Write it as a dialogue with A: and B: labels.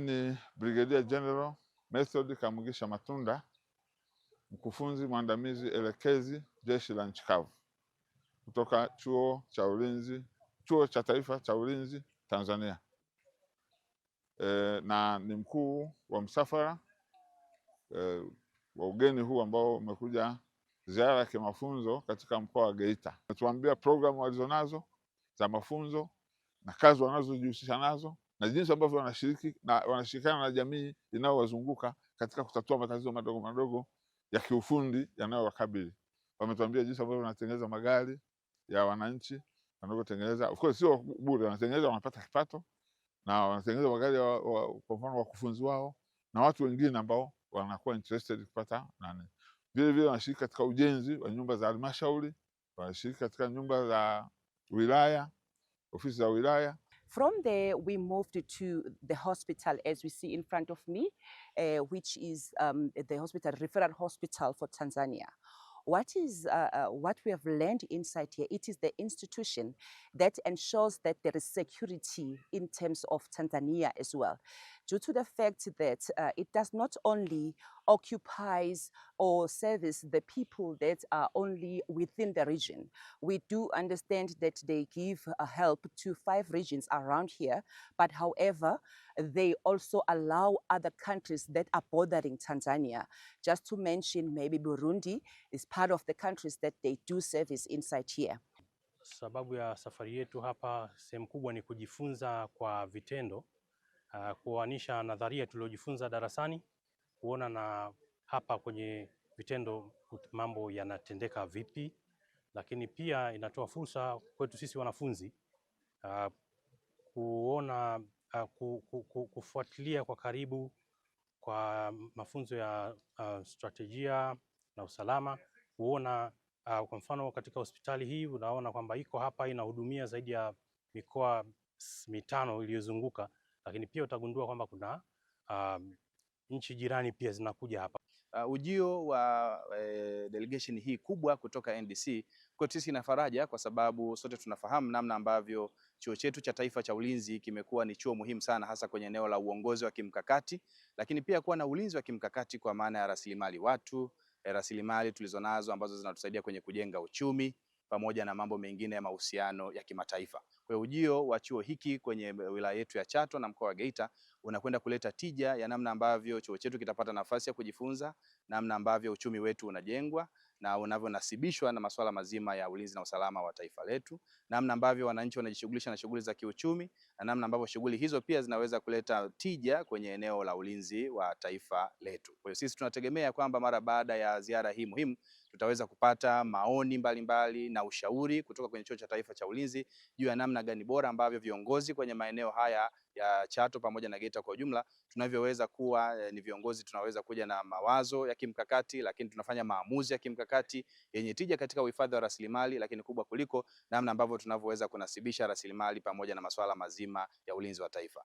A: Mimi ni Brigadier General Method Kamugisha Matunda, mkufunzi mwandamizi elekezi jeshi la nchi kavu kutoka chuo cha ulinzi, chuo cha taifa cha ulinzi Tanzania e, na ni mkuu wa msafara e, wa ugeni huu ambao umekuja ziara ya kimafunzo katika mkoa wa Geita. Natuambia programu walizonazo za mafunzo na kazi wanazojihusisha nazo na jinsi ambavyo wanashiriki na wanashirikiana na jamii inayowazunguka katika kutatua matatizo madogo madogo ya kiufundi yanayowakabili. Wametuambia jinsi ambavyo wanatengeneza magari ya wananchi wanavyotengeneza, of course sio bure, wanatengeneza wanapata kipato, na wanatengeneza magari kwa mfano wakufunzi wao na watu wengine ambao wanakuwa interested kupata nani. Vile vile wanashiriki katika ujenzi wa nyumba za halmashauri, wanashiriki katika nyumba za wilaya, ofisi za wilaya
B: From there, we moved to the hospital, as we see in front of me, uh, which is um, the hospital, referral hospital for Tanzania. What is uh, uh, what we have learned inside here? It is the institution that ensures that there is security in terms of Tanzania as well, due to the fact that uh, it does not only occupies or service the people that are only within the region. We do understand that they give uh, help to five regions around here, but however, they also allow other countries that are bordering Tanzania. Just to mention, maybe Burundi is part of the countries that they do service inside here.
C: Sababu ya safari yetu hapa sehemu kubwa ni kujifunza kwa vitendo, uh, kuoanisha nadharia tuliojifunza darasani kuona na hapa kwenye vitendo mambo yanatendeka vipi, lakini pia inatoa fursa kwetu sisi wanafunzi uh, kuona uh, kufuatilia kwa karibu kwa mafunzo ya uh, strategia na usalama kuona uh, kwa mfano katika hospitali hii unaona kwamba iko hapa inahudumia zaidi ya mikoa mitano iliyozunguka, lakini pia utagundua kwamba kuna uh, nchi jirani pia zinakuja hapa
D: uh, ujio wa uh, delegation hii kubwa kutoka NDC kwa sisi na faraja, kwa sababu sote tunafahamu namna ambavyo chuo chetu cha taifa cha ulinzi kimekuwa ni chuo muhimu sana, hasa kwenye eneo la uongozi wa kimkakati, lakini pia kuwa na ulinzi wa kimkakati kwa maana ya rasilimali watu, eh, rasilimali tulizonazo ambazo zinatusaidia kwenye kujenga uchumi pamoja na mambo mengine ya mahusiano ya kimataifa. Kwa hiyo ujio wa chuo hiki kwenye eh, wilaya yetu ya Chato na mkoa wa Geita unakwenda kuleta tija ya namna ambavyo chuo chetu kitapata nafasi ya kujifunza, namna ambavyo uchumi wetu unajengwa na unavyonasibishwa na masuala mazima ya ulinzi na usalama wa taifa letu, namna ambavyo wananchi wanajishughulisha na shughuli za kiuchumi na namna ambavyo shughuli hizo pia zinaweza kuleta tija kwenye eneo la ulinzi wa taifa letu. Kwa hiyo sisi tunategemea kwamba mara baada ya ziara hii muhimu tutaweza kupata maoni mbalimbali mbali na ushauri kutoka kwenye Chuo cha Taifa cha Ulinzi juu ya namna gani bora ambavyo viongozi kwenye maeneo haya ya Chato pamoja na Geita kwa ujumla tunavyoweza kuwa eh, ni viongozi tunaweza kuja na mawazo ya kimkakati, lakini tunafanya maamuzi ya kimkakati yenye tija katika uhifadhi wa rasilimali, lakini kubwa kuliko namna ambavyo tunavyoweza kunasibisha rasilimali pamoja na masuala mazima ya ulinzi wa taifa.